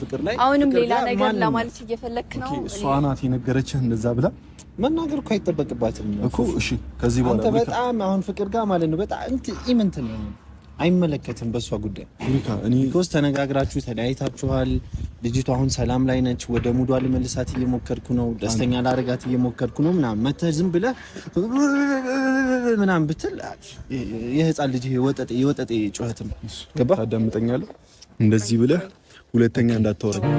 ፍቅር ላይ አሁንም ሌላ ነገር ለማለት እየፈለክ ነው። እሷ ናት የነገረችህ እንደዛ ብላ መናገር እኮ አይጠበቅባትም እኮ። እሺ ከዚህ በኋላ አንተ በጣም አሁን ፍቅር ጋር ማለት ነው በጣም እንት ኢምንት ነው አይመለከትም በእሷ ጉዳይ ሪካ። እኔ ኮስ ተነጋግራችሁ ተለያይታችኋል። ልጅቷ አሁን ሰላም ላይ ነች። ወደ ሙዷ ልመልሳት እየሞከርኩ ነው፣ ደስተኛ ላረጋት እየሞከርኩ ነው ምናምን መተህ ዝም ብለህ ምናምን ብትል የህፃን ልጅ የወጠጤ ጩኸትም ገባ። ታዳምጠኛለህ እንደዚህ ብለህ ሁለተኛ እንዳታወራኝ።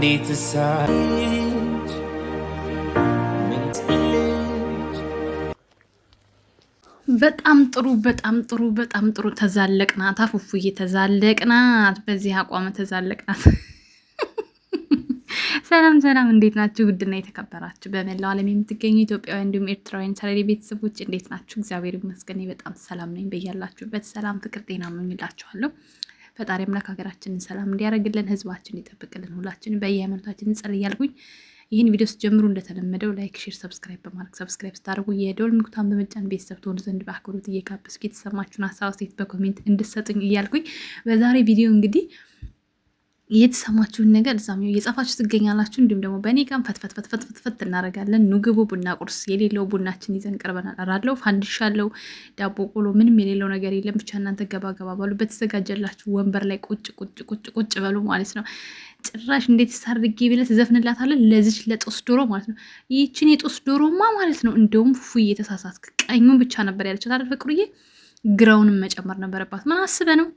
በጣም ጥሩ በጣም ጥሩ በጣም ጥሩ ተዛለቅናት፣ አፉፉዬ ተዛለቅናት፣ በዚህ አቋመ ተዛለቅናት። ሰላም ሰላም፣ እንዴት ናችሁ? ውድና የተከበራችሁ በመላው ዓለም የምትገኙ ኢትዮጵያውያን እንዲሁም ኤርትራውያን ሰረሪ ቤተሰቦች እንዴት ናችሁ? እግዚአብሔር ይመስገን በጣም ሰላም ነኝ። በያላችሁበት ሰላም፣ ፍቅር፣ ጤና እመኝላችኋለሁ። ፈጣሪ አምላክ ሀገራችንን ሰላም እንዲያደርግልን ህዝባችን ይጠብቅልን። ሁላችን በየሃይማኖታችን እንጸል እያልኩኝ ይህን ቪዲዮ ስጀምሩ እንደተለመደው ላይክ፣ ሼር፣ ሰብስክራይብ በማድረግ ሰብስክራይብ ስታደርጉ የደወል ምልክቱን በመጫን ቤተሰብ ትሆኑ ዘንድ በአክብሮት እየጋበዝኩ የተሰማችሁን ሀሳብ አስተያየት በኮሜንት እንድሰጡኝ እያልኩኝ በዛሬ ቪዲዮ እንግዲህ የተሰማችሁን ነገር እዛም እየጻፋችሁ ትገኛላችሁ። እንዲሁም ደግሞ በእኔ ጋም ፈትፈት ፈትፈት ፈትፈት እናደርጋለን። ኑግቡ ቡና ቁርስ የሌለው ቡናችን ይዘን ቀርበናል። አራለው ፋንዲሻ አለው ዳቦ ቆሎ፣ ምንም የሌለው ነገር የለም። ብቻ እናንተ ገባገባ ባሉ በተዘጋጀላችሁ ወንበር ላይ ቁጭ ቁጭ ቁጭ ቁጭ በሉ ማለት ነው። ጭራሽ እንዴት ሳርጌ ብለህ ትዘፍንላታለህ ለዚች ለጦስ ዶሮ ማለት ነው። ይህችን የጦስ ዶሮማ ማለት ነው። እንደውም ፉዬ ተሳሳትክ። ቀኙን ብቻ ነበር ያለቻት አይደል ፍቅሩዬ? ግራውንም መጨመር ነበረባት። ምን አስበ ነው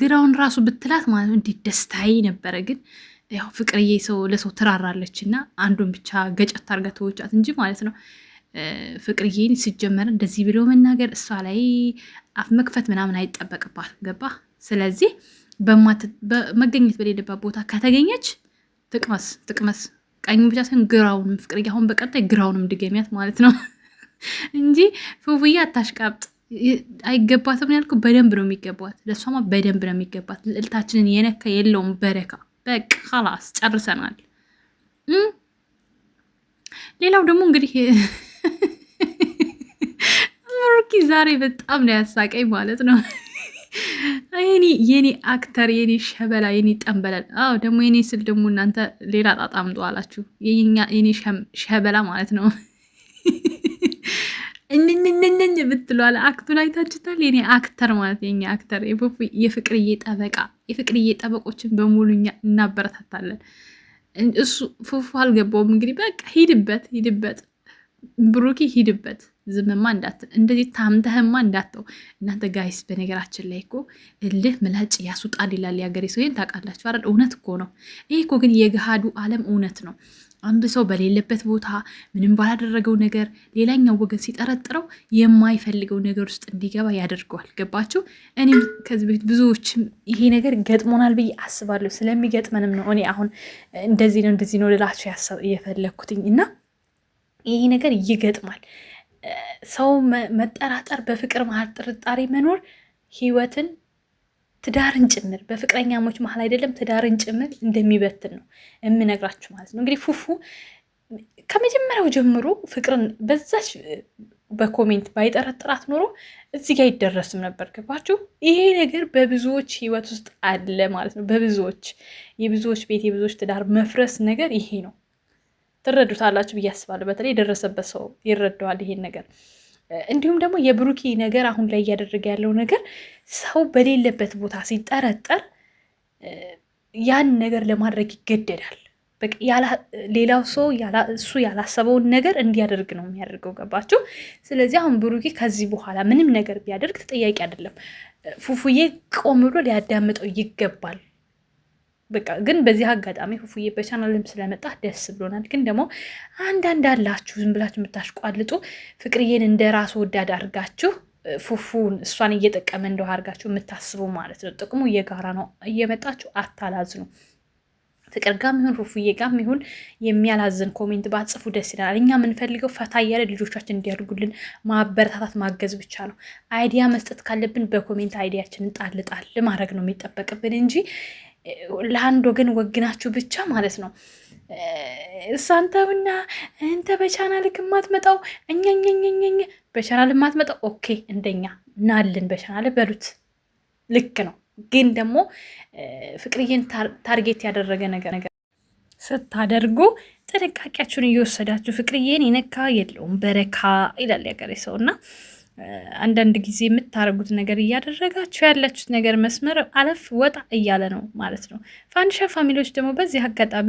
ግራውን ራሱ ብትላት ማለት ነው እንዴት ደስታይ ነበረ። ግን ያው ፍቅርዬ ሰው ለሰው ትራራለች እና አንዱን ብቻ ገጨት ታርጋ ተወጫት እንጂ ማለት ነው ፍቅርዬን ሲጀመር እንደዚህ ብሎ መናገር እሷ ላይ አፍ መክፈት ምናምን አይጠበቅባት ገባ። ስለዚህ መገኘት በሌለባት ቦታ ከተገኘች ትቅመስ ትቅመስ። ቀኙ ብቻ ሳይሆን ግራውንም ፍቅርዬ አሁን በቀጣይ ግራውንም ድገሚያት ማለት ነው እንጂ ፉፉዬ አታሽቃብጥ። አይገባትም ያልኩ በደንብ ነው የሚገባት። ለእሷማ በደንብ ነው የሚገባት። ልዕልታችንን የነካ የለውም በረካ። በቃ ኸላስ ጨርሰናል። ሌላው ደግሞ እንግዲህ ሩኪ ዛሬ በጣም ነው ያሳቀኝ ማለት ነው። የኔ የኔ አክተር የኔ ሸበላ የኔ ጠንበላል። አዎ ደግሞ የኔ ስል ደግሞ እናንተ ሌላ ጣጣምጡ አላችሁ። የኔ ሸበላ ማለት ነው። እንንንንን ብትለዋል። አክቱን አይታችሁታል? የኔ አክተር ማለት የኛ አክተር የፉፉ የፍቅርዬ ጠበቃ፣ የፍቅርዬ ጠበቆችን በሙሉ እኛ እናበረታታለን። እሱ ፉፉ አልገባውም። እንግዲህ በቃ ሂድበት፣ ሂድበት ብሩኪ ሂድበት። ዝምማ እንዳት እንደዚህ ታምተህማ እንዳትተው። እናንተ ጋይስ፣ በነገራችን ላይ እኮ እልህ ምላጭ ያስወጣል ይላል የሀገሬ ሰው። ይሄን ታውቃላችሁ አይደል? እውነት እኮ ነው ይህ እኮ ግን የገሃዱ ዓለም እውነት ነው። አንድ ሰው በሌለበት ቦታ ምንም ባላደረገው ነገር ሌላኛው ወገን ሲጠረጥረው የማይፈልገው ነገር ውስጥ እንዲገባ ያደርገዋል። ገባችሁ? እኔም ከዚህ በፊት ብዙዎችም ይሄ ነገር ገጥሞናል ብዬ አስባለሁ። ስለሚገጥመንም ነው እኔ አሁን እንደዚህ ነው እንደዚህ ነው ልላችሁ እየፈለግኩትኝ እና ይሄ ነገር ይገጥማል። ሰው መጠራጠር፣ በፍቅር መሀል ጥርጣሬ መኖር ህይወትን ትዳርን ጭምር በፍቅረኛሞች መሀል አይደለም ትዳርን ጭምር እንደሚበትን ነው የምነግራችሁ ማለት ነው። እንግዲህ ፉፉ ከመጀመሪያው ጀምሮ ፍቅርን በዛች በኮሜንት ባይጠረጥራት ኖሮ እዚህ ጋር ይደረስም ነበር። ገባችሁ? ይሄ ነገር በብዙዎች ህይወት ውስጥ አለ ማለት ነው። በብዙዎች የብዙዎች ቤት የብዙዎች ትዳር መፍረስ ነገር ይሄ ነው። ትረዱታላችሁ ብዬ አስባለሁ። በተለይ የደረሰበት ሰው ይረዳዋል ይሄን ነገር እንዲሁም ደግሞ የብሩኪ ነገር አሁን ላይ እያደረገ ያለው ነገር ሰው በሌለበት ቦታ ሲጠረጠር ያን ነገር ለማድረግ ይገደዳል። ሌላው ሰው እሱ ያላሰበውን ነገር እንዲያደርግ ነው የሚያደርገው። ገባችሁ? ስለዚህ አሁን ብሩኪ ከዚህ በኋላ ምንም ነገር ቢያደርግ ተጠያቂ አይደለም። ፉፉዬ ቆም ብሎ ሊያዳምጠው ይገባል። በቃ ግን በዚህ አጋጣሚ ፉፉዬ በቻናልም ስለመጣ ደስ ብሎናል። ግን ደግሞ አንዳንድ አላችሁ ዝም ብላችሁ የምታሽቋልጡ ፍቅርዬን እንደ ራስ ወዳድ አድርጋችሁ ፉፉን እሷን እየጠቀመ እንደው አድርጋችሁ የምታስቡ ማለት ነው። ጥቅሙ እየጋራ ነው። እየመጣችሁ አታላዝኑ። ፍቅር ጋር ይሁን ፉፉዬ ጋም ይሁን የሚያላዝን ኮሜንት ባጽፉ ደስ ይላል። እኛ የምንፈልገው ፈታ እያለ ልጆቻችን እንዲያድጉልን ማበረታታት ማገዝ ብቻ ነው። አይዲያ መስጠት ካለብን በኮሜንት አይዲያችንን ጣልጣል ማድረግ ነው የሚጠበቅብን እንጂ ለአንድ ወገን ወግናችሁ ብቻ ማለት ነው። እሳንተብና እንተ በቻናልክ ማትመጣው እኛኛኛኛኝ በቻናል ማትመጣው ኦኬ፣ እንደኛ ናልን በቻናል በሉት ልክ ነው። ግን ደግሞ ፍቅርዬን ታርጌት ያደረገ ነገር ነገር ስታደርጉ ጥንቃቄያችሁን እየወሰዳችሁ ፍቅርዬን የነካ የለውም በረካ ይላል ያገሬ ሰው እና አንዳንድ ጊዜ የምታደርጉት ነገር እያደረጋችሁ ያላችሁት ነገር መስመር አለፍ ወጣ እያለ ነው ማለት ነው። ፋንድሻ ፋሚሊዎች ደግሞ በዚህ አጋጣሚ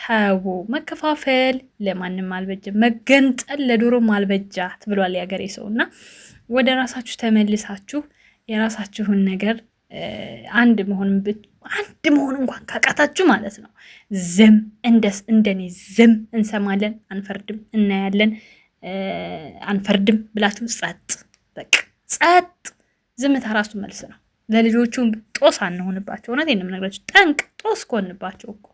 ተው፣ መከፋፈል ለማንም አልበጃ፣ መገንጠል ለዶሮ አልበጃ ብሏል ያገሬ ሰው እና ወደ ራሳችሁ ተመልሳችሁ የራሳችሁን ነገር አንድ መሆን አንድ መሆን እንኳን ካቃታችሁ ማለት ነው ዝም እንደስ እንደኔ ዝም እንሰማለን፣ አንፈርድም፣ እናያለን አንፈርድም ብላችሁ ጸጥ በቃ ጸጥ። ዝምታ ራሱ መልስ ነው። ለልጆቹም ጦስ አንሆንባቸው። እውነቴን ነው የምነግራችሁ፣ ጠንቅ ጦስ ከሆንባቸው እኮ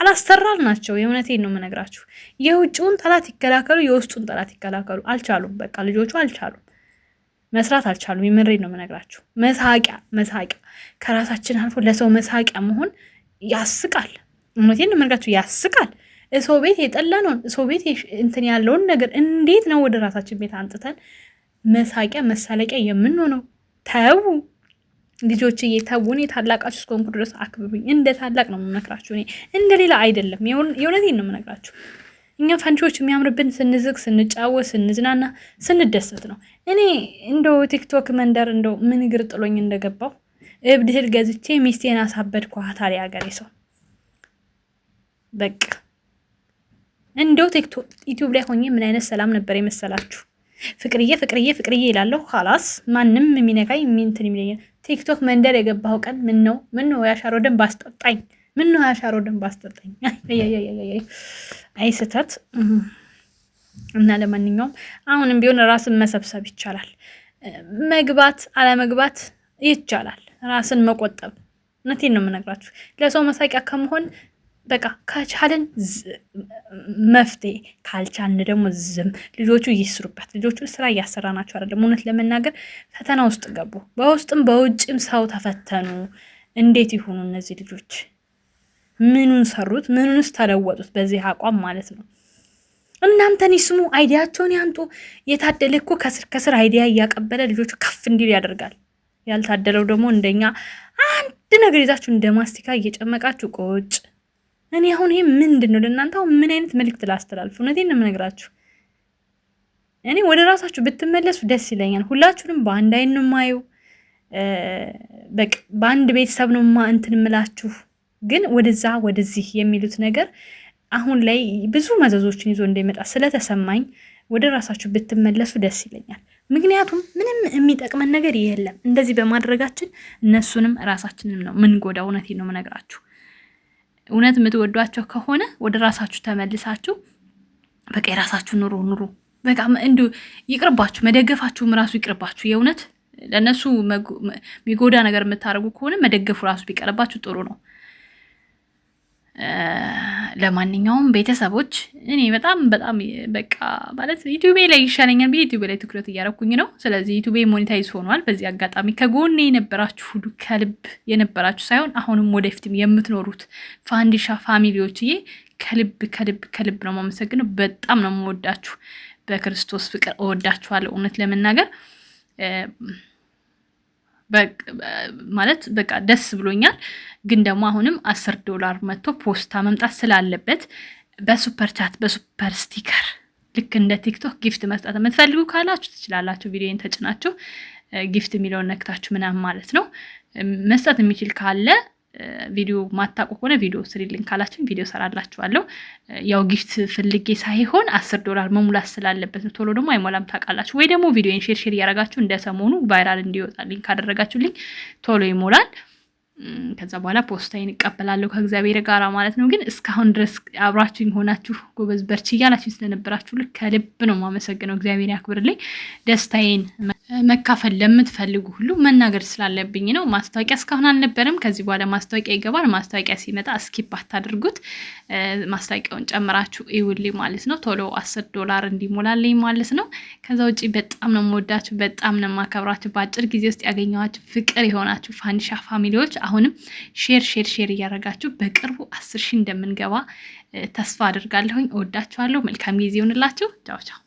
አላስተራል ናቸው። የእውነቴን ነው የምነግራችሁ። የውጭውን ጠላት ይከላከሉ፣ የውስጡን ጠላት ይከላከሉ። አልቻሉም። በቃ ልጆቹ አልቻሉም፣ መስራት አልቻሉም። የምሬን ነው የምነግራችሁ። መሳቂያ መሳቂያ፣ ከራሳችን አልፎ ለሰው መሳቂያ መሆን ያስቃል። እውነቴን ነው የምነግራችሁ፣ ያስቃል። እሰው ቤት የጠላነውን እሰው ቤት እንትን ያለውን ነገር እንዴት ነው ወደ ራሳችን ቤት አንጥተን መሳቂያ መሳለቂያ የምንሆነው። ተዉ ልጆችዬ ተዉ። እኔ ታላቃችሁ እስከሆንኩ ድረስ አክብሩኝ። እንደ ታላቅ ነው የምመክራችሁ፣ እኔ እንደ ሌላ አይደለም። የእውነቴን ነው የምነግራችሁ። እኛ ፈንቺዎች የሚያምርብን ስንዝቅ፣ ስንጫወት፣ ስንዝናና፣ ስንደሰት ነው። እኔ እንደው ቲክቶክ መንደር እንደው ምን እግር ጥሎኝ እንደገባው እብድ እህል ገዝቼ ሚስቴን አሳበድኳት አለ ሀገሬ ሰው። በቃ እንደው ቲክቶክ ዩቲዩብ ላይ ሆኜ ምን አይነት ሰላም ነበር የመሰላችሁ? ፍቅርዬ ፍቅርዬ ፍቅርዬ ይላለሁ። ካላስ ማንም የሚነካኝ እንትን የሚለኛል። ቲክቶክ መንደር የገባው ቀን ምን ነው ምን ነው ያሻሮ ደንብ አስጠጣኝ፣ ምን ነው ያሻሮ ደንብ አስጠጣኝ። አይ ስህተት እና ለማንኛውም አሁንም ቢሆን ራስን መሰብሰብ ይቻላል። መግባት አለመግባት ይቻላል። ራስን መቆጠብ እውነቴን ነው የምነግራችሁ። ለሰው መሳቂያ ከመሆን በቃ ከቻልን መፍትሄ ካልቻልን ደግሞ ዝም። ልጆቹ ይስሩበት። ልጆቹ ስራ ናቸው አይደለም። እውነት ለመናገር ፈተና ውስጥ ገቡ። በውስጥም በውጭም ሰው ተፈተኑ። እንዴት ይሆኑ እነዚህ ልጆች? ምኑን ሰሩት? ምኑንስ ተለወጡት? በዚህ አቋም ማለት ነው። እናንተን ይስሙ፣ አይዲያቸውን ያምጡ። የታደለ እኮ ከስር ከስር አይዲያ እያቀበለ ልጆቹ ከፍ እንዲል ያደርጋል። ያልታደለው ደግሞ እንደኛ አንድ ነገር ይዛችሁ እንደ ማስቲካ እየጨመቃችሁ ቁጭ እኔ አሁን ይሄ ምንድን ነው ለእናንተ አሁን ምን አይነት መልእክት ላስተላልፍ? እውነቴን ነው የምነግራችሁ። እኔ ወደ ራሳችሁ ብትመለሱ ደስ ይለኛል። ሁላችሁንም በአንድ አይን ነው የማየው፣ በቃ በአንድ ቤተሰብ ነው ማ እንትን ምላችሁ። ግን ወደዛ ወደዚህ የሚሉት ነገር አሁን ላይ ብዙ መዘዞችን ይዞ እንደሚመጣ ስለተሰማኝ ወደ ራሳችሁ ብትመለሱ ደስ ይለኛል። ምክንያቱም ምንም የሚጠቅመን ነገር የለም። እንደዚህ በማድረጋችን እነሱንም ራሳችንንም ነው ምንጎዳ። እውነቴን ነው የምነግራችሁ። እውነት የምትወዷቸው ከሆነ ወደ ራሳችሁ ተመልሳችሁ በቃ የራሳችሁ ኑሮ ኑሩ። በቃ እንዲሁ ይቅርባችሁ፣ መደገፋችሁም ራሱ ይቅርባችሁ። የእውነት ለእነሱ የሚጎዳ ነገር የምታደርጉ ከሆነ መደገፉ ራሱ ቢቀርባችሁ ጥሩ ነው። ለማንኛውም ቤተሰቦች እኔ በጣም በጣም በቃ ማለት ዩቱቤ ላይ ይሻለኛል ብዬ ዩቱቤ ላይ ትኩረት እያረኩኝ ነው። ስለዚህ ዩቱቤ ሞኔታይዝ ሆኗል። በዚህ አጋጣሚ ከጎኔ የነበራችሁ ሁሉ ከልብ የነበራችሁ ሳይሆን አሁንም ወደፊትም የምትኖሩት ፋንዲሻ ፋሚሊዎችዬ ከልብ ከልብ ከልብ ነው የማመሰግነው። በጣም ነው የምወዳችሁ። በክርስቶስ ፍቅር እወዳችኋለሁ እውነት ለመናገር ማለት በቃ ደስ ብሎኛል። ግን ደግሞ አሁንም አስር ዶላር መጥቶ ፖስታ መምጣት ስላለበት በሱፐር ቻት በሱፐር ስቲከር ልክ እንደ ቲክቶክ ጊፍት መስጠት የምትፈልጉ ካላችሁ ትችላላችሁ። ቪዲዮን ተጭናችሁ ጊፍት የሚለውን ነክታችሁ ምናምን ማለት ነው መስጠት የሚችል ካለ ቪዲዮ ማታውቁ ከሆነ ቪዲዮ ስሪልኝ ካላችን ቪዲዮ ሰራላችኋለሁ። ያው ጊፍት ፈልጌ ሳይሆን አስር ዶላር መሙላት ስላለበት ነው። ቶሎ ደግሞ አይሞላም ታውቃላችሁ። ወይ ደግሞ ቪዲዮን ሼር ሼር እያደረጋችሁ እንደ ሰሞኑ ቫይራል እንዲወጣልኝ ካደረጋችሁልኝ ቶሎ ይሞላል። ከዛ በኋላ ፖስታዬን እቀበላለሁ ከእግዚአብሔር ጋር ማለት ነው። ግን እስካሁን ድረስ አብራችሁ ሆናችሁ ጎበዝ በርች እያላችሁ ስለነበራችሁ ልክ ከልብ ነው የማመሰግነው። እግዚአብሔር ያክብርልኝ። ደስታዬን መካፈል ለምትፈልጉ ሁሉ መናገር ስላለብኝ ነው። ማስታወቂያ እስካሁን አልነበረም። ከዚህ በኋላ ማስታወቂያ ይገባል። ማስታወቂያ ሲመጣ እስኪፕ አታድርጉት። ማስታወቂያውን ጨምራችሁ ይውልኝ ማለት ነው። ቶሎ አስር ዶላር እንዲሞላልኝ ማለት ነው። ከዛ ውጭ በጣም ነው የምወዳችሁ፣ በጣም ነው የማከብራችሁ። በአጭር ጊዜ ውስጥ ያገኘኋችሁ ፍቅር የሆናችሁ ፋንዲሻ ፋሚሊዎች አሁንም ሼር ሼር ሼር እያደረጋችሁ በቅርቡ አስር ሺህ እንደምንገባ ተስፋ አድርጋለሁኝ። እወዳችኋለሁ። መልካም ጊዜ ይሆንላችሁ። ቻው ቻው።